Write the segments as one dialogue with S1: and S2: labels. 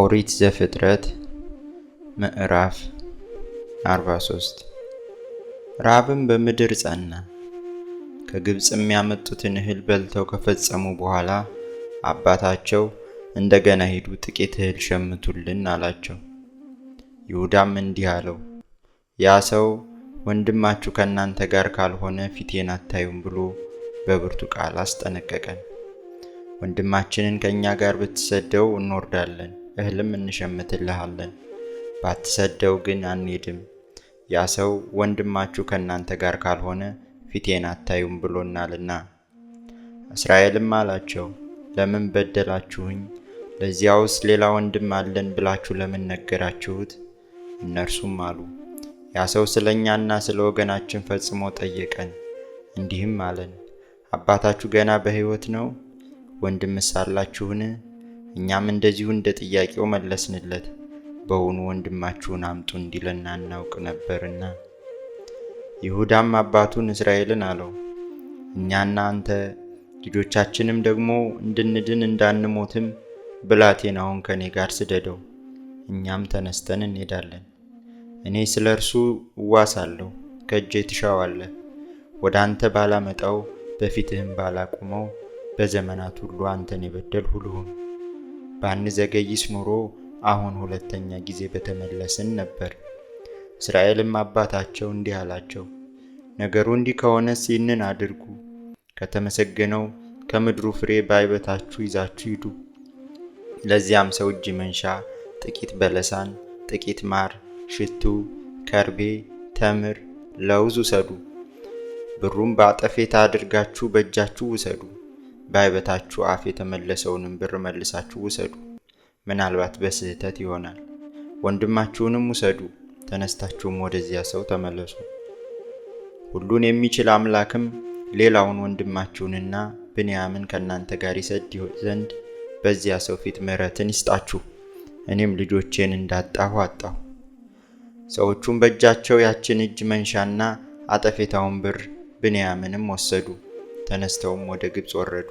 S1: ኦሪት ዘፍጥረት ምዕራፍ 43 ራብም በምድር ጸና። ከግብፅ የሚያመጡትን እህል በልተው ከፈጸሙ በኋላ አባታቸው እንደገና ሂዱ፣ ጥቂት እህል ሸምቱልን አላቸው። ይሁዳም እንዲህ አለው፣ ያ ሰው ወንድማችሁ ከእናንተ ጋር ካልሆነ ፊቴን አታዩም ብሎ በብርቱ ቃል አስጠነቀቀን። ወንድማችንን ከእኛ ጋር ብትሰደው እንወርዳለን እህልም እንሸምትልሃለን። ባትሰደው ግን አንሄድም። ያ ሰው ወንድማችሁ ከእናንተ ጋር ካልሆነ ፊቴን አታዩም ብሎናልና። እስራኤልም አላቸው፣ ለምን በደላችሁኝ? ለዚያውስ ሌላ ወንድም አለን ብላችሁ ለምን ነገራችሁት? እነርሱም አሉ፣ ያ ሰው ስለ እኛና ስለ ወገናችን ፈጽሞ ጠየቀን። እንዲህም አለን፣ አባታችሁ ገና በሕይወት ነው? ወንድምስ አላችሁን? እኛም እንደዚሁ እንደ ጥያቄው መለስንለት። በውኑ ወንድማችሁን አምጡ እንዲለን አናውቅ ነበርና። ይሁዳም አባቱን እስራኤልን አለው፣ እኛና አንተ ልጆቻችንም ደግሞ እንድንድን እንዳንሞትም ብላቴናውን ከእኔ ጋር ስደደው፣ እኛም ተነስተን እንሄዳለን። እኔ ስለ እርሱ እዋሳለሁ፣ ከእጄ ትሻዋለህ። ወደ አንተ ባላመጣው፣ በፊትህም ባላቁመው፣ በዘመናት ሁሉ አንተን የበደል ልሁን። ባንዘገይስ ኖሮ አሁን ሁለተኛ ጊዜ በተመለስን ነበር። እስራኤልም አባታቸው እንዲህ አላቸው፣ ነገሩ እንዲህ ከሆነስ ይህንን አድርጉ፣ ከተመሰገነው ከምድሩ ፍሬ ባይበታችሁ ይዛችሁ ሂዱ። ለዚያም ሰው እጅ መንሻ ጥቂት በለሳን፣ ጥቂት ማር፣ ሽቱ፣ ከርቤ፣ ተምር፣ ለውዝ ውሰዱ። ብሩም በአጠፌታ አድርጋችሁ በእጃችሁ ውሰዱ። በአይበታችሁ አፍ የተመለሰውንም ብር መልሳችሁ ውሰዱ። ምናልባት በስህተት ይሆናል። ወንድማችሁንም ውሰዱ። ተነስታችሁም ወደዚያ ሰው ተመለሱ። ሁሉን የሚችል አምላክም ሌላውን ወንድማችሁንና ብንያምን ከእናንተ ጋር ይሰድ ዘንድ በዚያ ሰው ፊት ምሕረትን ይስጣችሁ። እኔም ልጆቼን እንዳጣሁ አጣሁ። ሰዎቹም በእጃቸው ያችን እጅ መንሻና አጠፌታውን ብር ብንያምንም ወሰዱ። ተነስተውም ወደ ግብፅ ወረዱ፣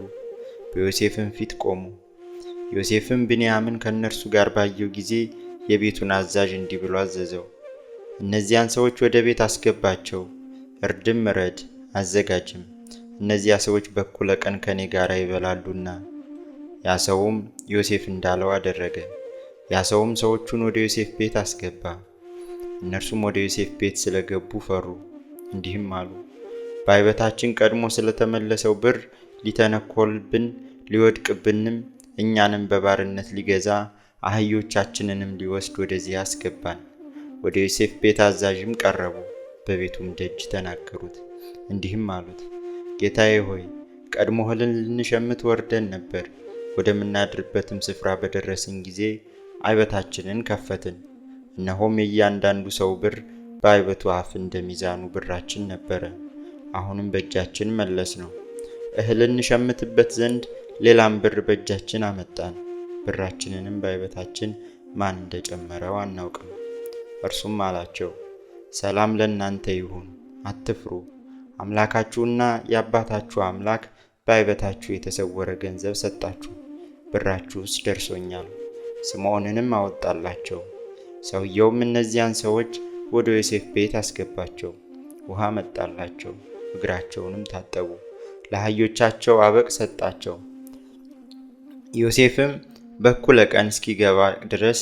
S1: በዮሴፍም ፊት ቆሙ። ዮሴፍም ብንያምን ከእነርሱ ጋር ባየው ጊዜ የቤቱን አዛዥ እንዲህ ብሎ አዘዘው፣ እነዚያን ሰዎች ወደ ቤት አስገባቸው፣ እርድም እረድ አዘጋጅም፣ እነዚያ ሰዎች በኩለ ቀን ከኔ ጋር ይበላሉና። ያ ሰውም ዮሴፍ እንዳለው አደረገ። ያ ሰውም ሰዎቹን ወደ ዮሴፍ ቤት አስገባ። እነርሱም ወደ ዮሴፍ ቤት ስለገቡ ፈሩ፣ እንዲህም አሉ በአይበታችን ቀድሞ ስለተመለሰው ብር ሊተነኮልብን ሊወድቅብንም እኛንም በባርነት ሊገዛ አህዮቻችንንም ሊወስድ ወደዚህ አስገባን። ወደ ዮሴፍ ቤት አዛዥም ቀረቡ፣ በቤቱም ደጅ ተናገሩት፣ እንዲህም አሉት፦ ጌታዬ ሆይ ቀድሞ እህልን ልንሸምት ወርደን ነበር። ወደምናድርበትም ስፍራ በደረስን ጊዜ አይበታችንን ከፈትን፣ እነሆም የእያንዳንዱ ሰው ብር በአይበቱ አፍ እንደሚዛኑ ብራችን ነበረ። አሁንም በእጃችን መለስ ነው። እህል እንሸምትበት ዘንድ ሌላም ብር በእጃችን አመጣን። ብራችንንም በአይበታችን ማን እንደጨመረው አናውቅም። እርሱም አላቸው፣ ሰላም ለእናንተ ይሁን፣ አትፍሩ። አምላካችሁና የአባታችሁ አምላክ በአይበታችሁ የተሰወረ ገንዘብ ሰጣችሁ፣ ብራችሁስ ደርሶኛል። ስምዖንንም አወጣላቸው። ሰውየውም እነዚያን ሰዎች ወደ ዮሴፍ ቤት አስገባቸው፣ ውሃ መጣላቸው እግራቸውንም ታጠቡ፣ ለአህዮቻቸው አበቅ ሰጣቸው። ዮሴፍም በኩለ ቀን እስኪገባ ድረስ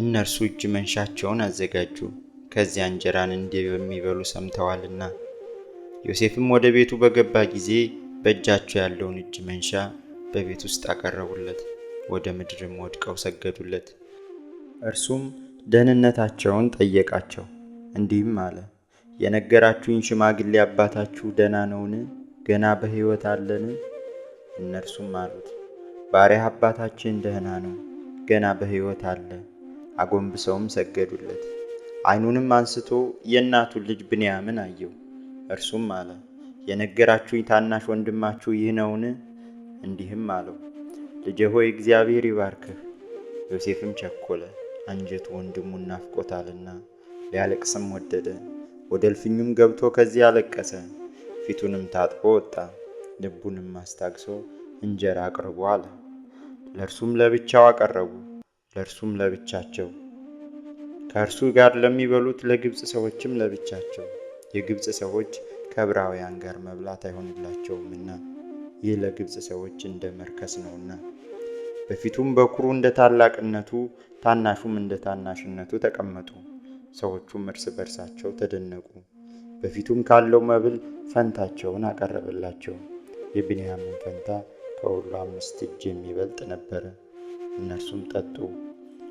S1: እነርሱ እጅ መንሻቸውን አዘጋጁ፣ ከዚያ እንጀራን እንደሚበሉ ሰምተዋልና። ዮሴፍም ወደ ቤቱ በገባ ጊዜ በእጃቸው ያለውን እጅ መንሻ በቤት ውስጥ አቀረቡለት፣ ወደ ምድርም ወድቀው ሰገዱለት። እርሱም ደህንነታቸውን ጠየቃቸው፣ እንዲህም አለ የነገራችሁኝ ሽማግሌ አባታችሁ ደህና ነውን? ገና በሕይወት አለን? እነርሱም አሉት፣ ባሪያ አባታችን ደህና ነው፣ ገና በሕይወት አለ። አጎንብሰውም ሰገዱለት። አይኑንም አንስቶ የእናቱን ልጅ ብንያምን አየው። እርሱም አለ የነገራችሁኝ ታናሽ ወንድማችሁ ይህ ነውን? እንዲህም አለው ልጄ ሆይ እግዚአብሔር ይባርክህ። ዮሴፍም ቸኮለ፣ አንጀቱ ወንድሙን ናፍቆታልና ሊያለቅስም ወደደ። ወደ እልፍኙም ገብቶ ከዚያ አለቀሰ። ፊቱንም ታጥቦ ወጣ። ልቡንም አስታግሶ እንጀራ አቅርቡ አለ። ለእርሱም ለብቻው አቀረቡ፣ ለእርሱም ለብቻቸው፣ ከእርሱ ጋር ለሚበሉት ለግብፅ ሰዎችም ለብቻቸው። የግብፅ ሰዎች ከዕብራውያን ጋር መብላት አይሆንላቸውምና ይህ ለግብፅ ሰዎች እንደ መርከስ ነውና። በፊቱም በኩሩ እንደ ታላቅነቱ፣ ታናሹም እንደ ታናሽነቱ ተቀመጡ። ሰዎቹም እርስ በርሳቸው ተደነቁ። በፊቱም ካለው መብል ፈንታቸውን አቀረበላቸው። የብንያምን ፈንታ ከሁሉ አምስት እጅ የሚበልጥ ነበረ። እነርሱም ጠጡ፣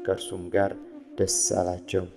S1: ከእርሱም ጋር ደስ አላቸው።